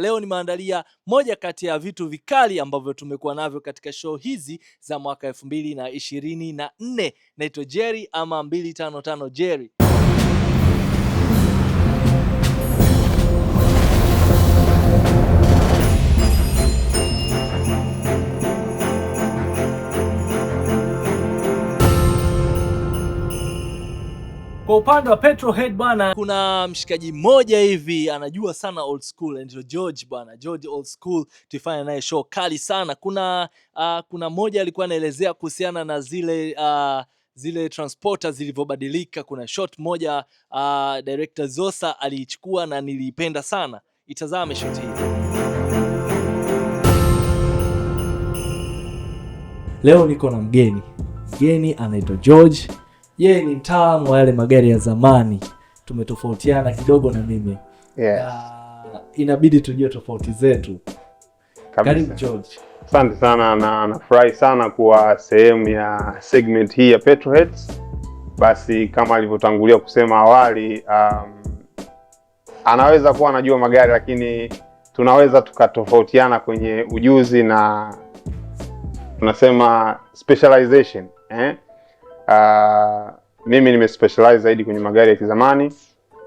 leo nimeandalia moja kati ya vitu vikali ambavyo tumekuwa navyo katika show hizi za mwaka elfu mbili na ishirini na nne. Naitwa Jerry ama 255 Jerry. Kwa upande wa Petrohead bwana, kuna mshikaji mmoja hivi anajua sana old school, ndio George bwana, George old school, tuifanya naye show kali sana. Kuna uh, kuna mmoja alikuwa anaelezea kuhusiana na zile uh, zile transporter zilivyobadilika. Kuna shot moja uh, director Zosa aliichukua na niliipenda sana, itazame shot hii. Leo niko na mgeni, mgeni anaitwa George yeye ni mtaalamu wa yale magari ya zamani, tumetofautiana kidogo na mimi yeah. Uh, inabidi tujue tofauti zetu. Karibu George. Asante sana na nafurahi sana kuwa sehemu ya segment hii ya Petroheads. Basi kama alivyotangulia kusema awali, um, anaweza kuwa anajua magari lakini tunaweza tukatofautiana kwenye ujuzi na tunasema specialization eh? Uh, mimi nimespecialize zaidi kwenye magari ya kizamani,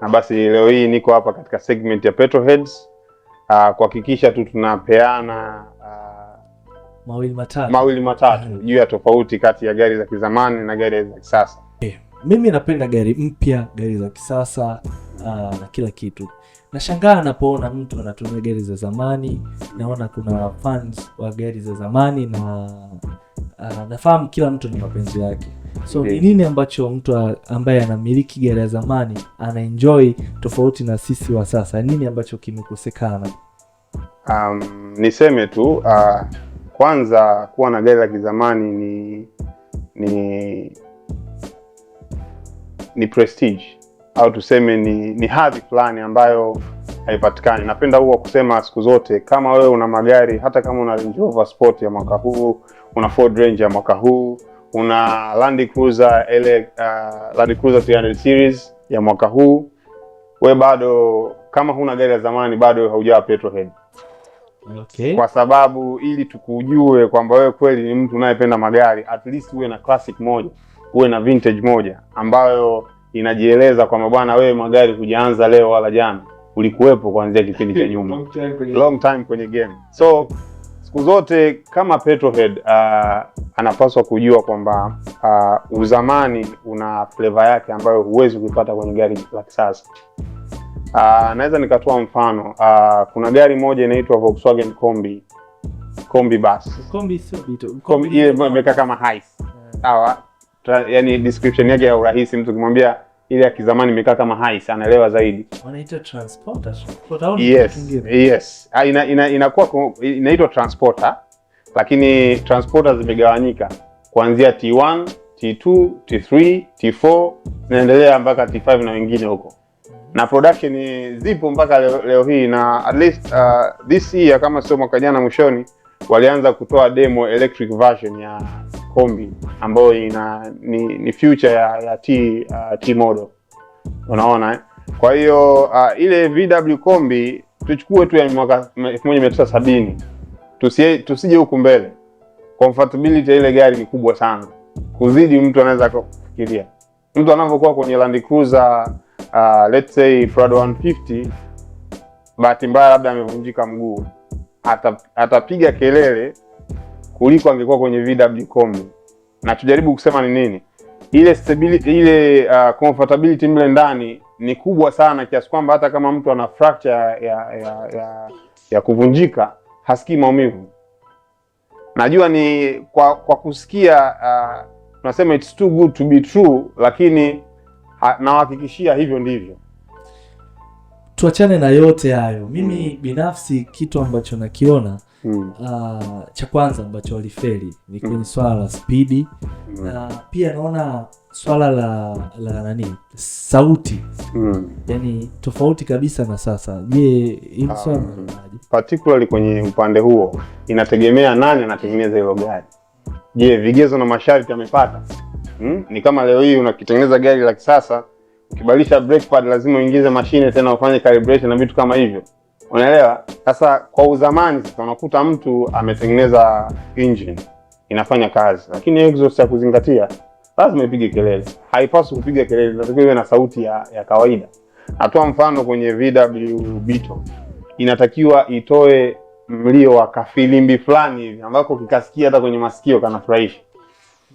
na basi leo hii niko hapa katika segment ya petrolheads ah, kuhakikisha tu tunapeana ah, mawili matatu, mawili matatu juu ya tofauti kati ya gari za kizamani na gari za kisasa. Eh, mimi napenda gari mpya, gari za kisasa aa, ah, na kila kitu. Nashangaa napoona mtu anatumia gari za zamani. Naona kuna fans wa gari za zamani na aa, nafahamu kila mtu ni mapenzi yake. So ni nini ambacho mtu ambaye anamiliki gari ya zamani anaenjoy tofauti na sisi wa sasa? Nini ambacho kimekosekana? Um, niseme tu uh, kwanza kuwa na gari la kizamani ni ni ni prestige au tuseme ni, ni hadhi fulani ambayo haipatikani. Napenda huwa kusema siku zote, kama wewe una magari, hata kama una Range Rover Sport ya mwaka huu, una Ford Ranger ya mwaka huu kuna Land Cruiser ile uh, Land Cruiser 300 series ya mwaka huu. We bado kama huna gari ya zamani bado haujawa petrolhead. Okay. Kwa sababu ili tukujue kwamba wewe kweli ni mtu unayependa magari, at least uwe na classic moja, uwe na vintage moja ambayo inajieleza kwamba bwana, wewe magari hujaanza leo wala jana, ulikuwepo kuanzia kipindi cha nyuma long time kwenye game so siku zote kama Petrohead uh, anapaswa kujua kwamba uh, uzamani una fleva yake ambayo huwezi kuipata kwenye gari la kisasa. Uh, naweza nikatoa mfano uh, kuna gari moja inaitwa Volkswagen Kombi Kombi bus Kombi sio Kombi ile imekaa kama highs sawa, yani description yake ya urahisi, mtu ukimwambia ile ya kizamani imekaa kama hai sana, elewa zaidi. Wanaita transporter. Yes, yes. Ah, ina, ina, inakuwa inaitwa transporter, lakini transporter zimegawanyika kuanzia T1, T2, T3, T4 zinaendelea mpaka T5 na wengine huko na production zipo mpaka leo, leo hii na at least uh, this year kama sio mwaka jana mwishoni walianza kutoa demo electric version ya kombi ambayo ina ni, ni future ya, ya T, uh, T model unaona eh? Kwa hiyo uh, ile VW kombi tuchukue tu ya mwaka 1970 tusije tusije huku mbele. Comfortability ya ile gari ni kubwa sana kuzidi mtu anaweza kufikiria. Mtu anapokuwa kwenye Land Cruiser uh, let's say Prado 150, bahati mbaya labda amevunjika mguu, atapiga kelele kuliko angekuwa kwenye VW Combi. Nachojaribu kusema ni nini? Ile stability, ile uh, comfortability mle ndani ni kubwa sana kiasi kwamba hata kama mtu ana fracture ya ya, ya, ya, ya kuvunjika hasikii maumivu. Najua ni kwa, kwa kusikia uh, tunasema it's too good to be true, lakini nawahakikishia hivyo ndivyo. Tuachane na yote hayo, mimi binafsi kitu ambacho nakiona mm. Uh, cha kwanza ambacho walifeli ni kwenye hmm. swala la spidi mm. na ah, pia naona swala la la nani sauti mm. yani tofauti kabisa na sasa. Je, um, particularly kwenye upande huo inategemea nani anatengeneza hilo gari. Je, vigezo na masharti amepata? Hmm? Ni kama leo hii unakitengeneza gari la kisasa, ukibadilisha lazima uingize mashine tena ufanye calibration na vitu kama hivyo. Unaelewa? Sasa kwa uzamani sasa unakuta mtu ametengeneza engine inafanya kazi, lakini exhaust ya kuzingatia lazima ipige kelele. Haipaswi kupiga kelele, inatakiwa iwe na sauti ya, ya kawaida. Natoa mfano kwenye VW Beetle inatakiwa itoe mlio wa kafilimbi fulani hivi ambako kikasikia hata kwenye masikio kanafurahisha,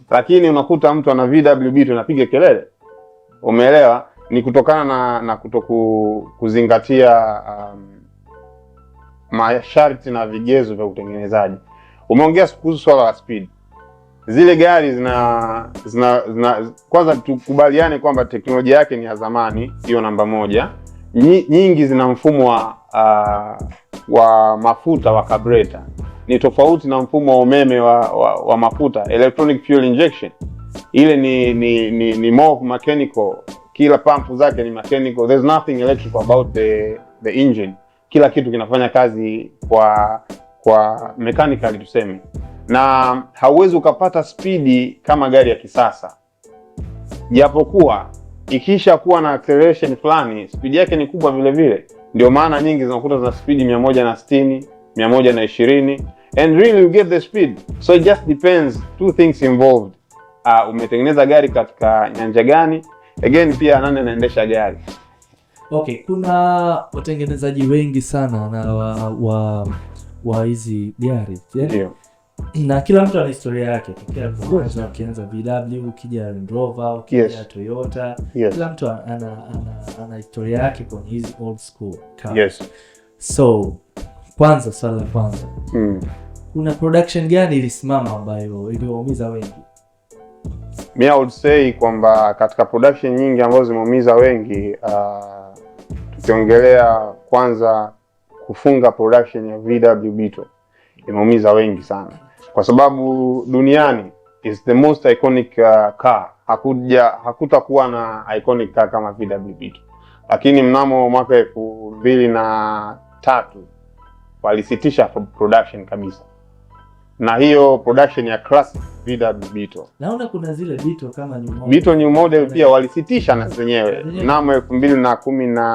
lakini unakuta mtu ana VW Beetle anapiga kelele. Umeelewa? Ni kutokana na, na kutoku kuzingatia um, masharti na vigezo vya utengenezaji. Umeongea kuhusu swala la speed, zile gari zina, zina, zina kwanza tukubaliane kwamba teknolojia yake ni ya zamani, hiyo namba moja. Nyingi zina mfumo wa uh, wa mafuta wa carburetor, ni tofauti na mfumo wa umeme wa, wa, wa mafuta electronic fuel injection. Ile ni ni, ni, ni more mechanical, kila pampu zake ni mechanical, there's nothing electrical about the the engine kila kitu kinafanya kazi kwa kwa mechanical tuseme, na hauwezi ukapata spidi kama gari ya kisasa, japokuwa ikisha kuwa na acceleration fulani spidi yake ni kubwa vile vile. Ndio maana nyingi zinakuta zina spidi na ishirini and really you get the speed, so it just depends two things involved. Uh, umetengeneza gari katika nyanja gani? Again pia nani anaendesha gari. Okay, kuna watengenezaji wengi sana na wa wa, wa hizi gari na kila mtu ana historia yake tokea ukianza VW ukija Land Rover ukija yes. Toyota yes. Kila mtu ana, ana, ana, historia yake kwenye hizi old school cars. Yes. So kwanza, swala la kwanza mm. Kuna production gani ilisimama ambayo iliwaumiza wengi? Mimi I would say kwamba katika production nyingi ambazo zimeumiza wengi uh, tukiongelea kwanza kufunga production ya VW Beetle imeumiza wengi sana, kwa sababu duniani is the most iconic uh, car. Hakuja hakutakuwa na iconic car kama VW Beetle, lakini mnamo mwaka elfu mbili na tatu walisitisha production kabisa na hiyo production ya classic VW Beetle. Naona kuna zile Beetle kama new model. Beetle new model pia walisitisha na zenyewe mnamo elfu mbili na kumi na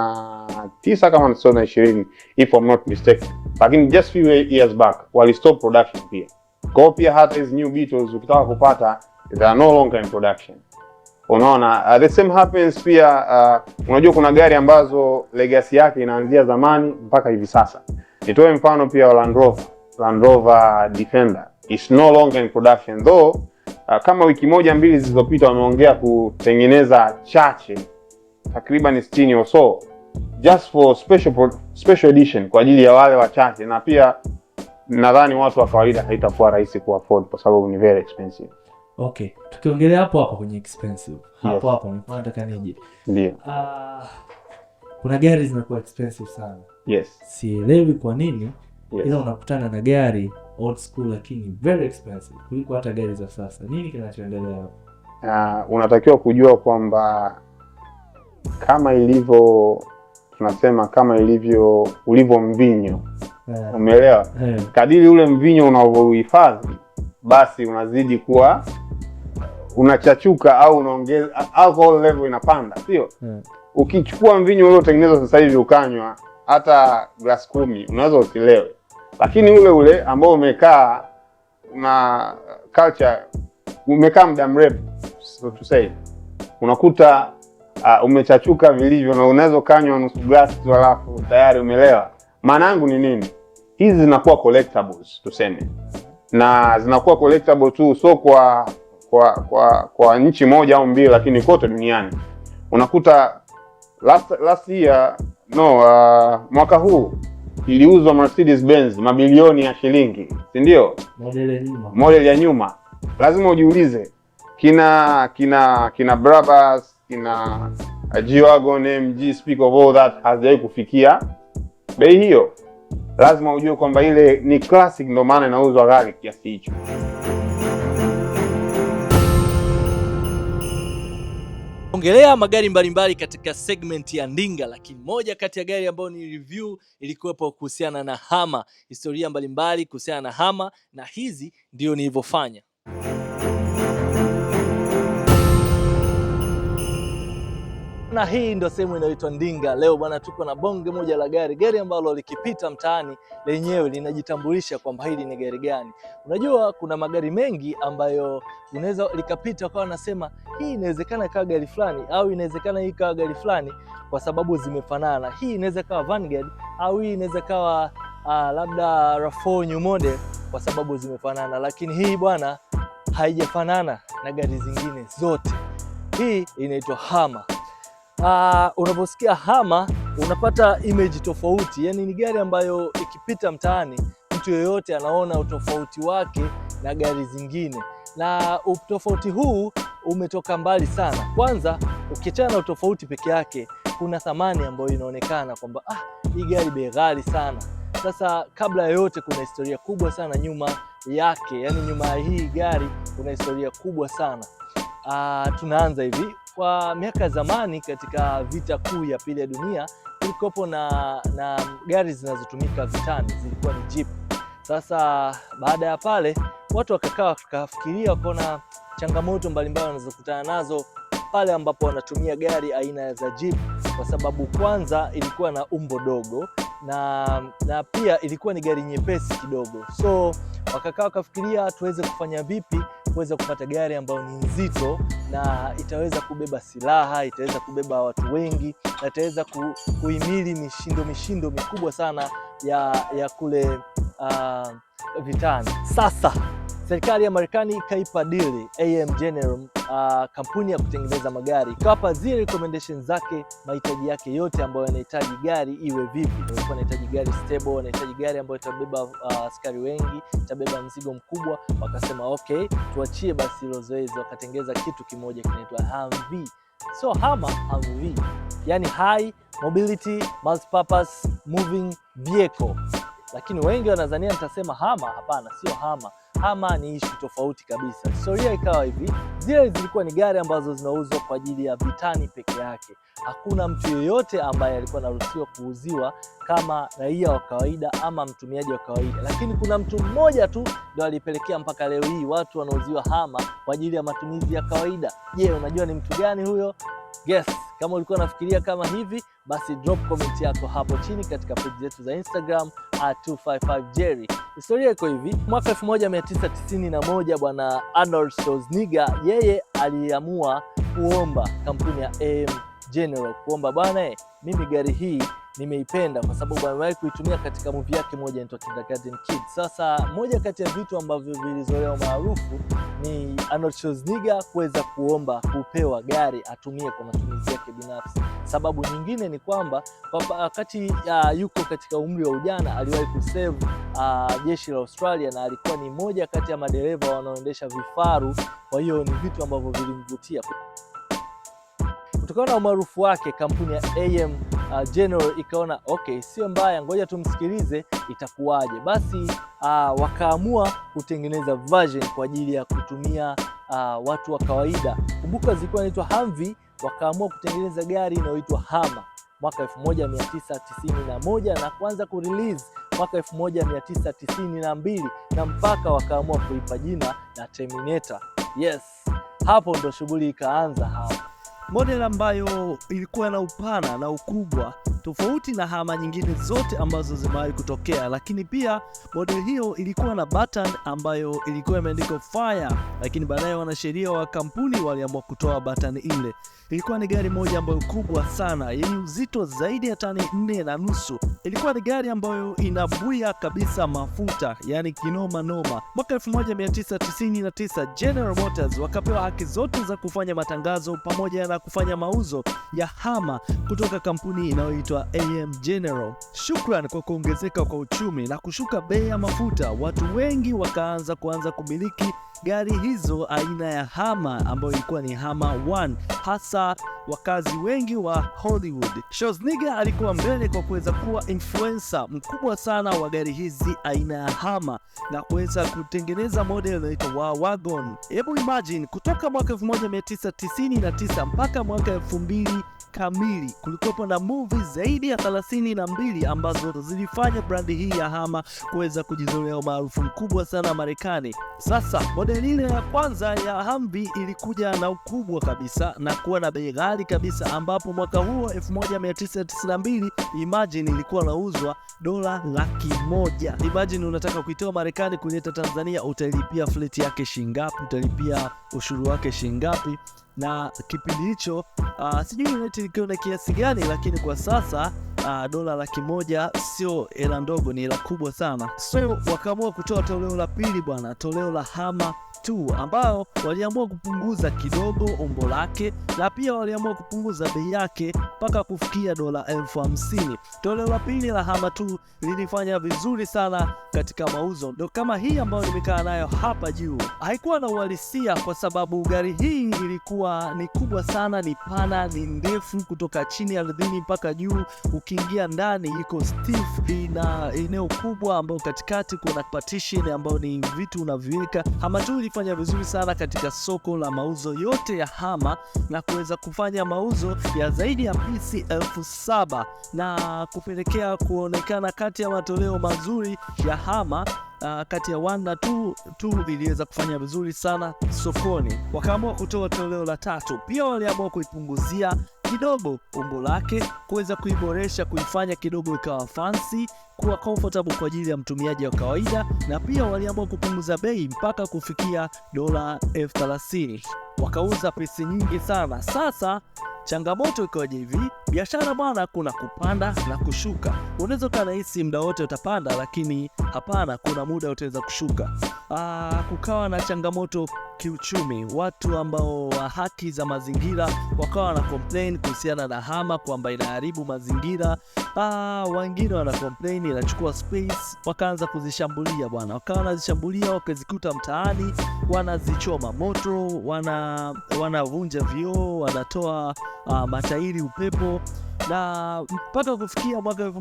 tisa kama nisio na ishirini if I'm not mistaken, lakini just few years back walistop production pia. Kwa hiyo pia hata hizi new Beatles ukitaka kupata they are no longer in production. Unaona, uh, the same happens pia uh, unajua kuna gari ambazo legacy yake inaanzia zamani mpaka hivi sasa. Nitoe mfano pia Land Rover, Land Rover Defender is no longer in production though uh, kama wiki moja mbili zilizopita wameongea kutengeneza chache takriban 60 or so just for special, special edition kwa ajili ya wale wachache, na pia nadhani watu wa kawaida haitakuwa rahisi ku afford kwa sababu ni very expensive. Okay, tukiongelea hapo hapo kwenye expensive, hapo hapo nilikuwa nataka nije, ndio ah, kuna gari zimekuwa expensive sana. Yes, sielewi kwa nini yes. Ila unakutana na gari old school lakini very expensive kuliko hata gari za sasa. Nini kinachoendelea hapo? Uh, unatakiwa kujua kwamba kama ilivyo tunasema kama ilivyo ulivyo mvinyo yeah. Umeelewa yeah. Kadiri ule mvinyo unavyohifadhi basi unazidi kuwa unachachuka au unaongeza alcohol level inapanda, sio yeah. Ukichukua mvinyo uliotengenezwa sasa hivi ukanywa hata glasi kumi unaweza usilewe, lakini ule ule ambao umekaa na culture umekaa muda mrefu so to say unakuta uh, umechachuka vilivyo na unaweza kanywa nusu glasi tu alafu tayari umelewa. Maana yangu ni nini? Hizi zinakuwa collectibles tuseme, na zinakuwa collectible tu so kwa kwa kwa, kwa nchi moja au mbili, lakini kote duniani unakuta last, last year no uh, mwaka huu iliuzwa Mercedes Benz mabilioni ya shilingi, si ndio? Model ya nyuma, lazima ujiulize kina kina kina Brabus kina G-Wagon, MG, speak of all that hazijawahi kufikia bei hiyo. Lazima ujue kwamba ile ni classic, ndio maana inauzwa ghali kiasi hicho. Ongelea magari mbalimbali mbali katika segment ya Ndinga, lakini moja kati ya gari ambayo ni review ilikuwepo kuhusiana na Hama, historia mbalimbali kuhusiana na Hama, na hizi ndio nilivyofanya. na hii ndio sehemu inayoitwa Ndinga. Leo bwana, tuko na bonge moja la gari, gari ambalo likipita mtaani lenyewe linajitambulisha kwamba hili ni gari gani. Unajua kuna magari mengi ambayo unaweza likapita kwa nasema hii inawezekana kawa gari fulani, au inawezekana hii kawa gari fulani kwa sababu zimefanana. Hii inaweza kawa Vanguard au hii inaweza kawa uh, ah, labda RAV4 new model kwa sababu zimefanana, lakini hii bwana haijafanana na gari zingine zote. Hii inaitwa Hummer uh, unaposikia Hummer unapata image tofauti, yani ni gari ambayo ikipita mtaani mtu yeyote anaona utofauti wake na gari zingine, na utofauti huu umetoka mbali sana. Kwanza ukiachana na utofauti peke yake, kuna thamani ambayo inaonekana kwamba ah, hii gari bei ghali sana. Sasa kabla ya yote, kuna historia kubwa sana nyuma yake, yani nyuma ya hii gari kuna historia kubwa sana. Ah, tunaanza hivi kwa miaka zamani katika vita kuu ya pili ya dunia kulikopo na, na gari zinazotumika vitani zilikuwa ni jeep. Sasa baada ya pale watu wakakaa wakafikiria, wakaona changamoto mbalimbali wanazokutana nazo pale ambapo wanatumia gari aina za jeep, kwa sababu kwanza ilikuwa na umbo dogo na, na pia ilikuwa ni gari nyepesi kidogo, so wakakaa wakafikiria tuweze kufanya vipi kuweza kupata gari ambayo ni nzito na itaweza kubeba silaha, itaweza kubeba watu wengi na itaweza kuhimili mishindo mishindo mikubwa sana ya, ya kule uh, vitani sasa Serikali ya Marekani ikaipa dili AM General uh, kampuni ya kutengeneza magari ikawapa zile recommendation zake, mahitaji yake yote ambayo anahitaji gari iwe vipi. Walikuwa anahitaji gari stable, anahitaji gari ambayo itabeba uh, askari wengi, itabeba mzigo mkubwa. Wakasema okay, tuachie basi hilo zoezi, wakatengeza kitu kimoja kinaitwa HMV, so hama HMV, yani high mobility multipurpose moving vehicle. Lakini wengi wanazania nitasema hama. Hapana, sio hama ama ni ishu tofauti kabisa. Historia ikawa hivi, zile zilikuwa ni gari ambazo zinauzwa kwa ajili ya vitani peke yake. Hakuna mtu yeyote ambaye alikuwa anaruhusiwa kuuziwa kama raia wa kawaida ama mtumiaji wa kawaida, lakini kuna mtu mmoja tu ndo alipelekea mpaka leo hii watu wanauziwa hama kwa ajili ya matumizi ya kawaida. Je, unajua ni mtu gani huyo? Yes, Kama ulikuwa unafikiria kama hivi, basi drop comment yako hapo chini katika page zetu za Instagram @255jerry. Historia iko hivi, mwaka 1991 bwana Arnold Schwarzenegger yeye aliamua kuomba kampuni ya AM General kuomba bwana, eh, mimi gari hii nimeipenda kwa sababu amewahi kuitumia katika movie yake moja inaitwa Kindergarten Kid. Sasa moja kati ya vitu ambavyo vilizolewa maarufu ni Arnold Schwarzenegger kuweza kuomba kupewa gari atumie kwa matumizi yake binafsi. Sababu nyingine ni kwamba wakati uh, yuko katika umri wa ujana aliwahi kusave uh, jeshi la Australia na alikuwa ni moja kati ya madereva wanaoendesha vifaru, kwa hiyo ni vitu ambavyo vilimvutia kutokana na umaarufu wake kampuni ya AM uh, General ikaona okay, sio mbaya, ngoja tumsikilize itakuwaje. Basi uh, wakaamua kutengeneza version kwa ajili ya kutumia uh, watu wa kawaida. Kumbuka zilikuwa inaitwa Humvee, wakaamua kutengeneza gari inayoitwa Hama mwaka 1991 na kuanza kurelease mwaka 1992 na mpaka wakaamua kuipa jina la Terminator. Yes, hapo ndo shughuli ikaanza hapo model ambayo ilikuwa na upana na ukubwa tofauti na hama nyingine zote ambazo zimewahi kutokea, lakini pia model hiyo ilikuwa na button ambayo ilikuwa imeandikwa fire, lakini baadaye wanasheria wa kampuni waliamua kutoa button ile. Ilikuwa ni gari moja ambayo kubwa sana yenye uzito zaidi ya tani nne na nusu ilikuwa ni gari ambayo inabuya kabisa mafuta, yani kinoma noma. Mwaka 1999 General Motors wakapewa haki zote za kufanya matangazo pamoja na kufanya mauzo ya hama kutoka kampuni inayoitwa AM General. Shukran kwa kuongezeka kwa uchumi na kushuka bei ya mafuta, watu wengi wakaanza kuanza kumiliki gari hizo aina ya hama ambayo ilikuwa ni hama 1 hasa wakazi wengi wa Hollywood. Schwarzenegger alikuwa mbele kwa kuweza kuwa influencer mkubwa sana wa gari hizi aina ya hama na kuweza kutengeneza model inaitwa wa Wagon. Hebu imagine kutoka mwaka 1999 mpaka mwaka 2000 kamili kulikuwepo na movie zaidi ya 32 ambazo zilifanya brandi hii ya hama kuweza kujizolea umaarufu mkubwa sana Marekani. Sasa modeli ile ya kwanza ya Humvee ilikuja na ukubwa kabisa na kuwa na bei ghali kabisa, ambapo mwaka huo 1992 imagine ilikuwa wanauzwa dola laki moja. Imagine unataka kuitoa Marekani kuleta Tanzania, utalipia fleti yake shingapi? Utalipia ushuru wake shingapi? Na kipindi hicho uh, sijui rate ilikuwa na kiasi gani, lakini kwa sasa Uh, dola laki moja sio hela ndogo, ni hela kubwa sana. So wakaamua kutoa toleo la pili bwana, toleo la hama 2 ambao waliamua kupunguza kidogo umbo lake na pia waliamua kupunguza bei yake mpaka kufikia dola elfu hamsini. Toleo la pili la Hama 2 lilifanya vizuri sana katika mauzo, ndo kama hii ambayo nimekaa nayo hapa juu. Haikuwa na uhalisia kwa sababu gari hii ilikuwa ni kubwa sana, ni pana, ni ndefu kutoka chini ardhini mpaka juu. Ukiingia ndani iko stiff, ina eneo kubwa ambayo katikati kuna partition ambayo ni vitu unaviweka. Hama 2 kufanya vizuri sana katika soko la mauzo yote ya hama na kuweza kufanya mauzo ya zaidi ya pisi elfu saba na kupelekea kuonekana kati ya matoleo mazuri ya hama uh, kati ya one na two, two iliweza kufanya vizuri sana sokoni, wakaamua kutoa toleo la tatu. Pia waliamua kuipunguzia kidogo umbo lake kuweza kuiboresha, kuifanya kidogo ikawa fancy, kuwa comfortable kwa ajili ya mtumiaji wa kawaida, na pia waliamua kupunguza bei mpaka kufikia dola elfu thelathini. Wakauza pisi nyingi sana sasa Changamoto ikoje hivi? Biashara bwana, kuna kupanda na kushuka. Unaweza kuwa nahisi muda wote utapanda, lakini hapana, kuna muda utaweza kushuka. Aa, ah, kukawa na changamoto kiuchumi, watu ambao na haki za mazingira wakawa wana complain kuhusiana na hama kwamba inaharibu mazingira. Ah, wengine wana complain inachukua space, wakaanza kuzishambulia bwana, wakawa wanazishambulia, wakazikuta mtaani, wanazichoma moto, wanavunja vioo, wanatoa uh, matairi upepo na mpaka kufikia mwaka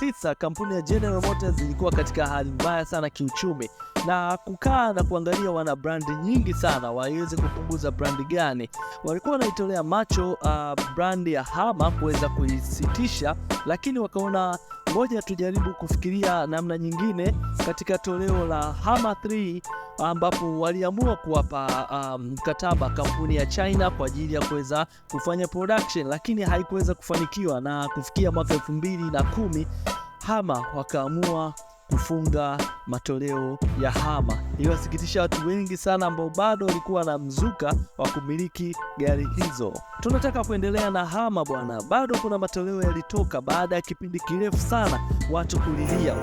tisa kampuni ya General Motors ilikuwa katika hali mbaya sana kiuchumi, na kukaa na kuangalia wana brandi nyingi sana waweze kupunguza brandi gani. Walikuwa wanaitolea macho uh, ah, brandi ya hama kuweza kuisitisha, lakini wakaona Ngoja tujaribu kufikiria namna nyingine katika toleo la Hama 3 ambapo waliamua kuwapa um, mkataba um, kampuni ya China kwa ajili ya kuweza kufanya production, lakini haikuweza kufanikiwa na kufikia mwaka elfu mbili na kumi Hama wakaamua kufunga matoleo ya hama. Iliwasikitisha watu wengi sana ambao bado walikuwa na mzuka wa kumiliki gari hizo. Tunataka kuendelea na hama bwana, bado kuna matoleo yalitoka baada ya kipindi kirefu sana watu kulilia.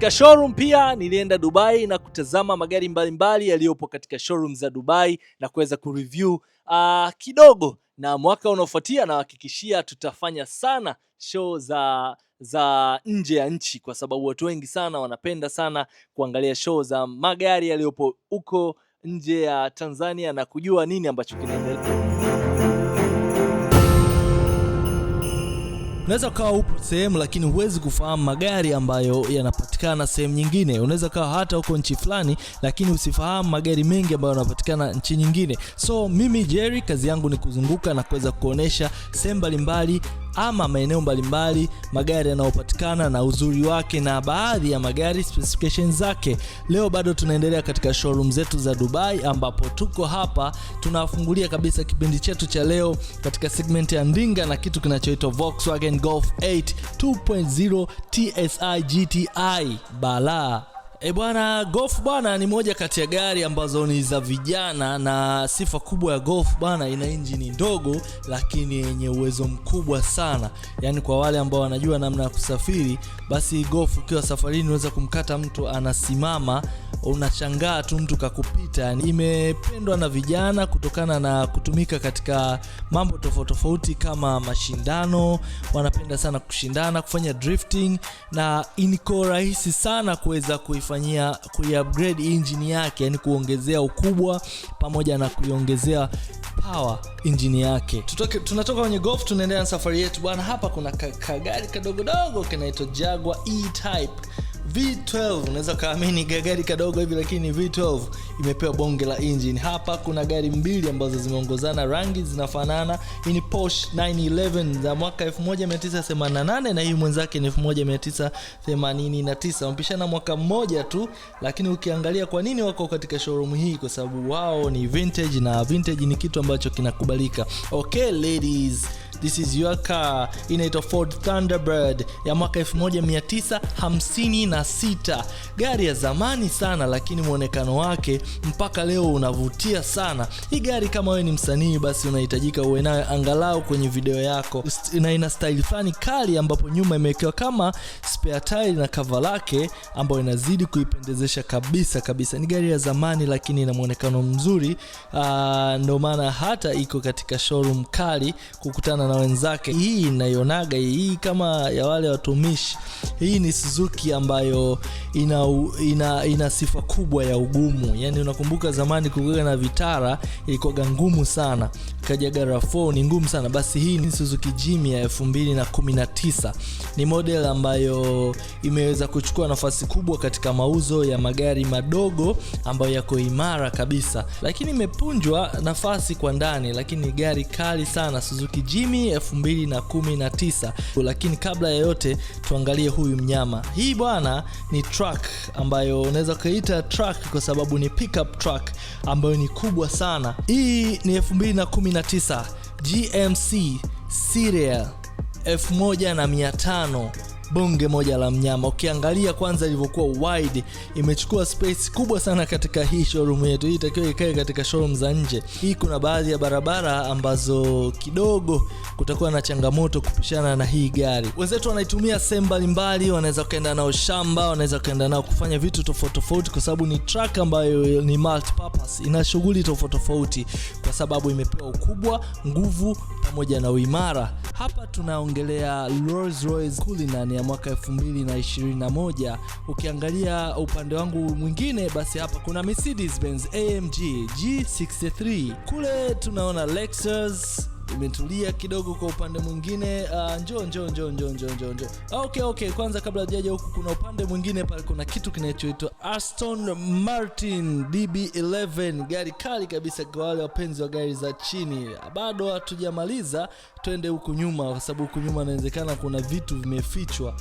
Katika showroom pia nilienda Dubai na kutazama magari mbalimbali yaliyopo katika showroom za Dubai na kuweza kureview uh, kidogo na mwaka unaofuatia nahakikishia tutafanya sana show za za nje ya nchi, kwa sababu watu wengi sana wanapenda sana kuangalia show za magari yaliyopo huko nje ya Tanzania na kujua nini ambacho kinaendelea. Unaweza ukawa upo sehemu lakini huwezi kufahamu magari ambayo yanapatikana sehemu nyingine. Unaweza ukawa hata uko nchi fulani, lakini usifahamu magari mengi ambayo yanapatikana nchi nyingine. So mimi Jerry, kazi yangu ni kuzunguka na kuweza kuonesha sehemu mbalimbali ama maeneo mbalimbali magari yanayopatikana na uzuri wake na baadhi ya magari specifications zake. Leo bado tunaendelea katika showroom zetu za Dubai, ambapo tuko hapa tunafungulia kabisa kipindi chetu cha leo katika segment ya ndinga na kitu kinachoitwa Volkswagen Golf 8 2.0 TSI GTI balaa. E bwana, Golf bwana ni moja kati ya gari ambazo ni za vijana, na sifa kubwa ya Golf bwana, ina injini ndogo lakini yenye uwezo mkubwa sana. Yaani kwa wale ambao wanajua namna ya kusafiri, basi Golf ukiwa safarini unaweza kumkata mtu anasimama, unashangaa tu mtu kakupita. Yani imependwa na vijana kutokana na kutumika katika mambo tofauti tofauti kama mashindano, wanapenda sana kushindana, kufanya drifting na iniko rahisi sana kuweza ku kuifanyia kuiupgrade engine yake, yani kuongezea ukubwa pamoja na kuiongezea power engine yake. Tutoke, tunatoka kwenye Golf tunaendelea na safari yetu bwana. Hapa kuna kagari kadogodogo kinaitwa Jaguar E-Type V12 unaweza ukaamini gari kadogo hivi, lakini V12 imepewa bonge la engine. Hapa kuna gari mbili ambazo zimeongozana rangi, zinafanana. Hii ni Porsche 911 za mwaka 1988 na hii mwenzake ni 1989. Wamepishana mwaka mmoja tu, lakini ukiangalia kwa nini wako katika showroom hii, kwa sababu wao ni vintage na vintage ni kitu ambacho kinakubalika. Okay ladies This is your car, inaitwa Ford Thunderbird ya mwaka 1956, gari ya zamani sana, lakini mwonekano wake mpaka leo unavutia sana. Hii gari kama wewe ni msanii, basi unahitajika uwe nayo angalau kwenye video yako, na ina style fulani kali, ambapo nyuma imewekewa kama spare tire na kava lake, ambayo inazidi kuipendezesha kabisa kabisa. Ni gari ya zamani, lakini ina mwonekano mzuri, ndio maana hata iko katika showroom kali kukutana na wenzake. Hii inaionaga hii kama ya wale watumishi. Hii ni Suzuki ambayo ina, ina, ina sifa kubwa ya ugumu. Yani unakumbuka zamani kugaga na Vitara ilikuwaga ngumu sana, kaja Garafour ni ngumu sana. Basi hii ni Suzuki Jimny ya 2019 ni model ambayo imeweza kuchukua nafasi kubwa katika mauzo ya magari madogo ambayo yako imara kabisa, lakini imepunjwa nafasi kwa ndani, lakini gari kali sana Suzuki Jimny 2019. Lakini kabla ya yote tuangalie huyu mnyama. Hii bwana ni truck ambayo unaweza ukaita truck kwa sababu ni pickup truck ambayo ni kubwa sana. Hii ni 2019 GMC Sierra 1500 bonge moja la mnyama. Ukiangalia kwanza ilivyokuwa wide, imechukua space kubwa sana katika hii showroom yetu. Hii itakiwa ikae katika showroom za nje. Hii kuna baadhi ya barabara ambazo kidogo kutakuwa na changamoto kupishana na hii gari. Wenzetu wanaitumia sehemu mbalimbali, wanaweza kaenda nao shamba, wanaweza kaenda nao kufanya vitu tofauti tofauti, kwa sababu ni truck ambayo ni multi purpose, ina shughuli tofauti tofauti, kwa sababu imepewa ukubwa, nguvu pamoja na uimara. Hapa tunaongelea Rolls Royce Cullinan ya mwaka 2021. Ukiangalia upande wangu mwingine, basi hapa kuna Mercedes Benz AMG G63, kule tunaona Lexus imetulia kidogo kwa upande mwingine. Uh, njoo njoo njo njoo njoo njoo njoo. Okay, okay, kwanza kabla jaja huku, kuna upande mwingine pale, kuna kitu kinachoitwa Aston Martin DB11, gari kali kabisa kwa wale wapenzi wa gari za chini. Bado hatujamaliza, twende huku nyuma, kwa sababu huku nyuma inawezekana kuna vitu vimefichwa.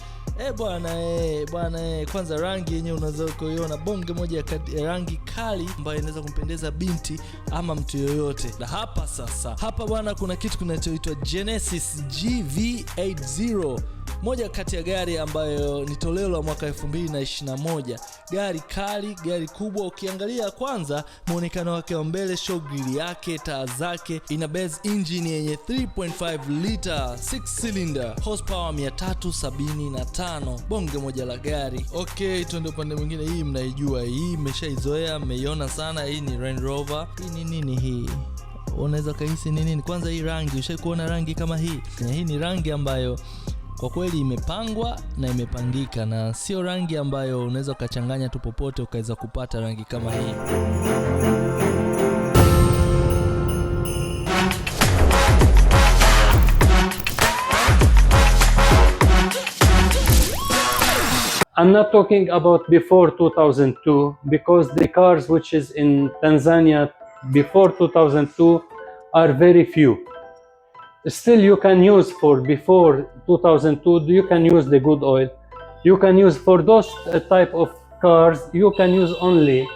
e bwana e, bwana e. kwanza rangi yenyewe unaweza kuiona, bonge moja ya rangi kali ambayo inaweza kumpendeza binti ama mtu yoyote. Na hapa sasa, hapa bwana kuna kitu kinachoitwa Genesis GV80, moja kati ya gari ambayo ni toleo la mwaka 2021. Gari kali, gari kubwa. Ukiangalia kwanza muonekano wake wa mbele, shogili yake, taa zake, ina base engine yenye 3.5 liter 6 cylinder, horsepower 375, bonge moja la gari. Okay, tuende upande mwingine. Hii mnaijua, hii mmeshaizoea, mmeiona sana. Hii ni Range Rover. Hii ni nini hii? unaweza kahisi ni nini? Kwanza hii rangi, ushai kuona rangi kama hii? Eh, hii ni rangi ambayo kwa kweli imepangwa na imepangika, na sio rangi ambayo unaweza ukachanganya tu popote ukaweza kupata rangi kama hii. I'm not talking about before 2002 because the cars which is in Tanzania before 2002 are very few. Still, you can use for before 2002, you can use the good oil. You can use for those uh, type of cars, you can use only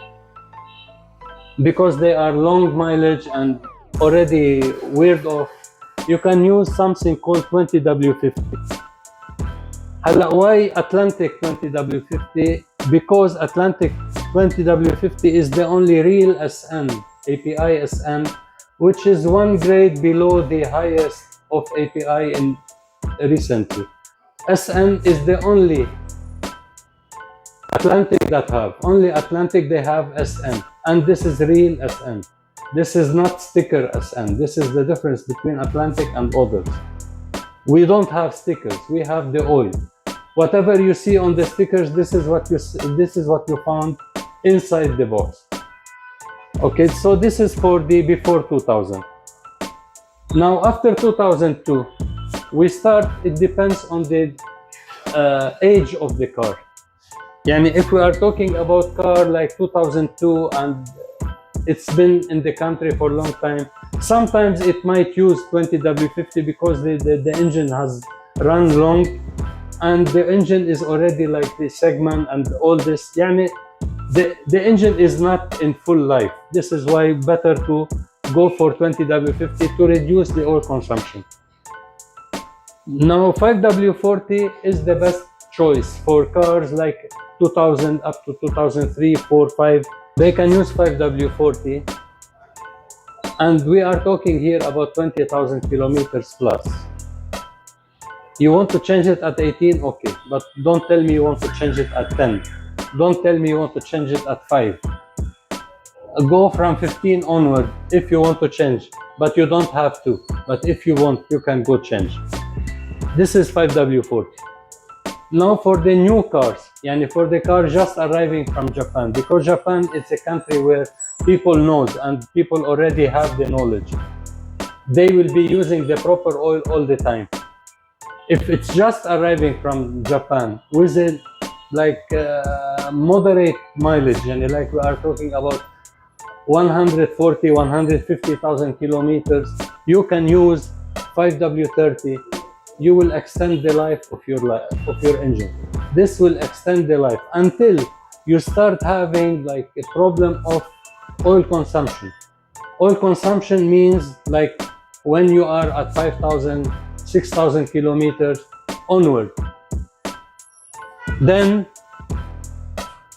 because they are long mileage and already weird off. You can use something called 20W50. why Atlantic 20W50 because Atlantic 20W50 is the only real SN API SM, which is one grade below the highest of API in recently. SM is the only Atlantic that have. Only Atlantic they have SM. And this is real SM. This is not sticker SM. This is the difference between Atlantic and others. We don't have stickers. We have the oil. Whatever you see on the stickers, this is what you this is what you found inside the box. Okay, so this is for the before 2000. Now after 2002, we start, it depends on the uh, age of the car. Yani if we are talking about car like 2002 and it's been in the country for a long time, sometimes it might use 20W50 because the, the, the engine has run long and the engine is already like the segment and all this. Yani the, the engine is not in full life. This is why better to go for 20W50 to reduce the oil consumption. Now 5W40 is the best choice for cars like 2000 up to 2003, 4, 5. They can use 5W40 and we are talking here about 20,000 kilometers plus. You want to change it at 18, okay, but don't tell me you want to change it at 10. Don't tell me you want to change it at 5. Go from 15 onward if you want to change, but you don't have to. But if you want, you can go change. This is 5W40. Now for the new cars, yani for the car just arriving from Japan, because Japan is a country where people knows and people already have the knowledge. They will be using the proper oil all the time. If it's just arriving from Japan with a like uh, moderate mileage and like we are talking about 140 150,000 kilometers you can use 5W30 you will extend the life of your life, of your engine this will extend the life until you start having like a problem of oil consumption oil consumption means like when you are at 5000 6000 kilometers onward then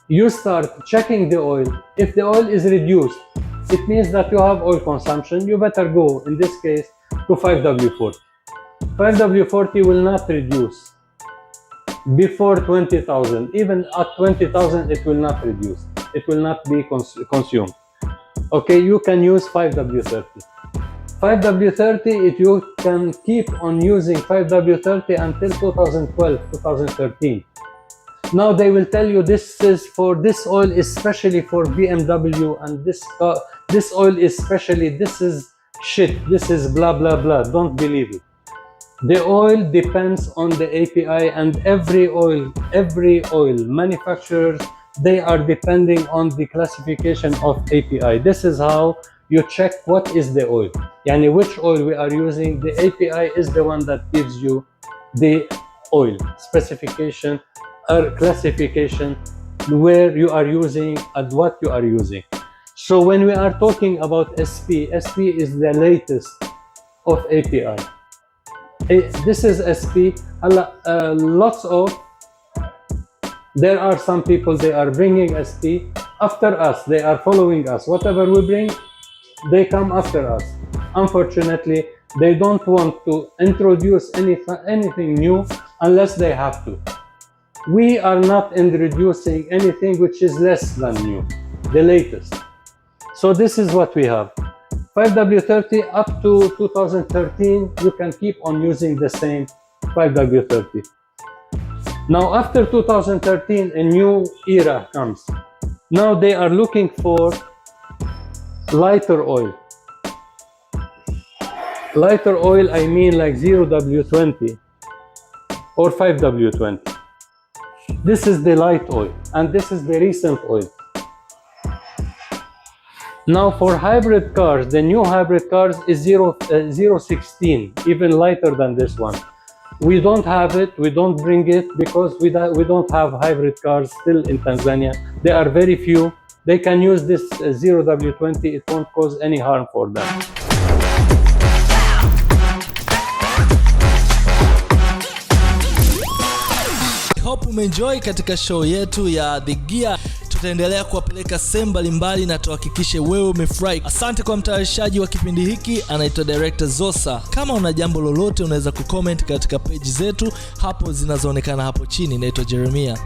you start checking the oil. If the oil is reduced, it means that you have oil consumption. You better go, in this case, to 5W40. 5W40 will not reduce before 20,000. Even at 20,000, it will not reduce. It will not be cons consumed. Okay, you can use 5W30. 5W30, If you can keep on using 5W30 until 2012, 2013 now they will tell you this is for this oil especially for bmw and this uh, this oil especially this is shit this is blah blah blah don't believe it the oil depends on the api and every oil every oil manufacturers they are depending on the classification of api this is how you check what is the oil yani which oil we are using the api is the one that gives you the oil specification or classification where you are using and what you are using. So when we are talking about SP, SP is the latest of API. Eh, this is SP. lots of there are some people they are bringing SP after us. They are following us. Whatever we bring, they come after us. Unfortunately, they don't want to introduce anything new unless they have to we are not introducing anything which is less than new, the latest. So this is what we have. 5W30 up to 2013, you can keep on using the same 5W30. Now after 2013, a new era comes. Now they are looking for lighter oil. Lighter oil, I mean like 0W20 or 5W20. This is the light oil and this is the recent oil. Now for hybrid cars, the new hybrid cars is 0, uh, 016, even lighter than this one. We don't have it, we don't bring it because we, we don't have hybrid cars still in Tanzania. They are very few. They can use this uh, 0W20, it won't cause any harm for them. umeenjoy katika show yetu ya The Gear. Tutaendelea kuwapeleka sehemu mbalimbali na tuhakikishe wewe umefurahi. Asante kwa mtayarishaji wa kipindi hiki anaitwa director Zosa. Kama una jambo lolote, unaweza kucomment katika page zetu hapo zinazoonekana hapo chini. Naitwa Jeremia.